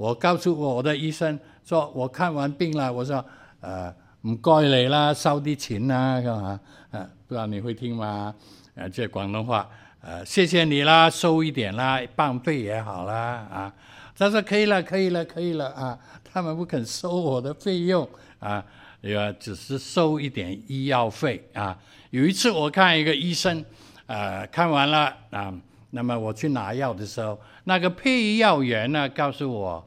我告訴我的醫生，說，我看完病了，我說呃，唔該你啦，收啲錢啦咁啊？啊，不知道你會聽嗎？啊，這廣東話，啊、呃，謝謝你啦，收一點啦，半費也好啦，啊，他說可以了可以了可以了啊，他們不肯收我的費用，啊，個只是收一點醫藥費啊，有一次我看一個醫生，誒、呃，看完了，啊，那麼我去拿藥的時候，那個配藥員呢，告訴我。